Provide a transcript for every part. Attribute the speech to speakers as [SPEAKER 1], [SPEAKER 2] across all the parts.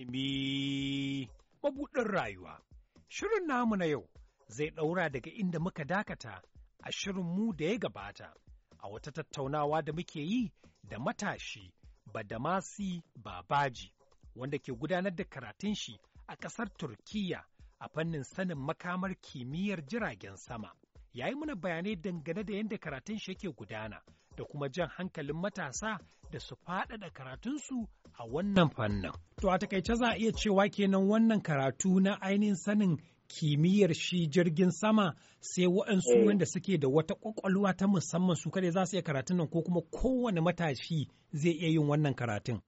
[SPEAKER 1] ilimi mabuɗin rayuwa. Shirin namu na yau zai ɗaura daga inda muka dakata a shirin mu da ya gabata a wata tattaunawa da muke yi da matashi Badamasi Babaji wanda ke gudanar da karatun shi a ƙasar Turkiyya a fannin sanin makamar kimiyyar jiragen sama. ya yi muna bayanai dangane da yadda karatun shi yake gudana da kuma jan hankalin matasa da su faɗaɗa karatunsu a wannan fannin. To a takaice za a iya cewa kenan wannan karatu na ainihin sanin kimiyyar shi jirgin sama sai waɗansu eh. wanda suke da wata ƙwaƙwalwa ta musamman su kare za su iya karatun nan ko kuma kowane matashi zai iya yin wannan karatun.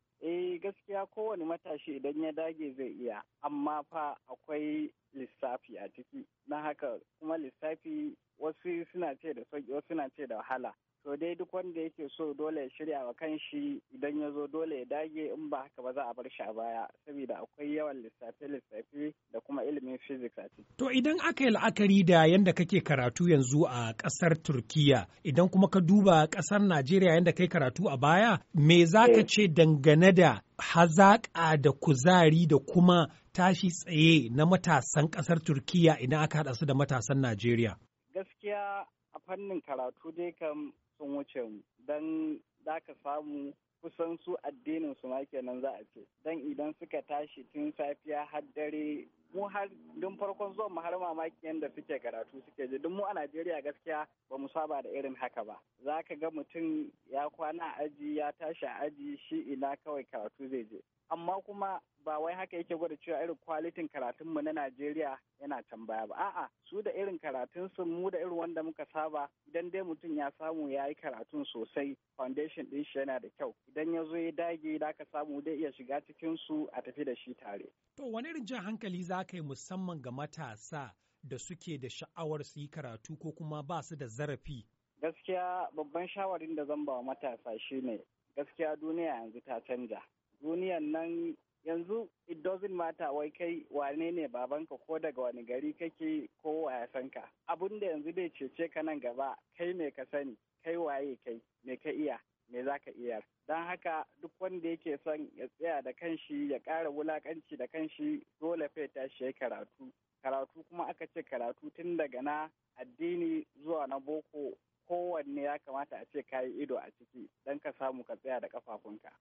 [SPEAKER 2] gaskiya kowane matashi idan ya dage zai iya amma fa akwai lissafi a ciki na haka kuma lissafi wasu suna ce da sauki wasu suna ce da wahala to dai duk wanda yake so dole ya shirya wa kan shi idan ya zo dole ya dage in ba haka ba za a bar shi a baya saboda akwai yawan lissafe lissafi da kuma ilimin
[SPEAKER 1] physics a ciki. To idan aka yi la'akari da yadda kake karatu yanzu a ƙasar Turkiya idan kuma ka duba ƙasar Najeriya yadda kai karatu a baya me za ka eh. ce dangane da hazaƙa da kuzari da kuma tashi tsaye na matasan ƙasar Turkiya idan aka haɗa su da matasan Najeriya?
[SPEAKER 2] Gaskiya a fannin karatu dai kan sun wuce mu don za ka samu kusan su addinin su ma kenan za a ce don idan suka tashi tun safiya har dare mu har dun farkon zuwan mu har mamaki yadda suke karatu suke ji duk mu a Najeriya gaskiya ba mu saba da irin haka ba za ka ga mutum ya kwana aji ya tashi aji shi ina kawai karatu zai je amma kuma ba wai haka yake gwada cewa irin kwalitin karatunmu na Najeriya yana can baya ba a'a su da irin karatunsu mu da irin wanda muka sa saba idan dai mutum ya samu ya yi karatun sosai foundation din shi yana da kyau idan ya zo ya dage da ka samu dai iya shiga cikin su a tafi da shi tare.
[SPEAKER 1] To wani irin hankali za ka yi musamman ga matasa da suke da sha'awar su yi karatu ko kuma ba su da zarafi?
[SPEAKER 2] Gaskiya babban shawarin da zan ba wa matasa shine gaskiya duniya yanzu ta canja. Duniyan nan yanzu it doesn't matter wai kai wane ne babanka ko daga wani gari kake ko waya san ka abun da yanzu dai cece ka nan gaba kai me ka sani kai waye kai me ka iya me za ka iya don haka duk wanda yake son ya tsaya da kanshi ya kara wulakanci da kanshi dole fai tashi ya karatu karatu kuma aka ce karatu tun daga na addini zuwa na boko kowanne ya kamata a ce kayi ido a ciki don ka samu ka tsaya da kafafunka.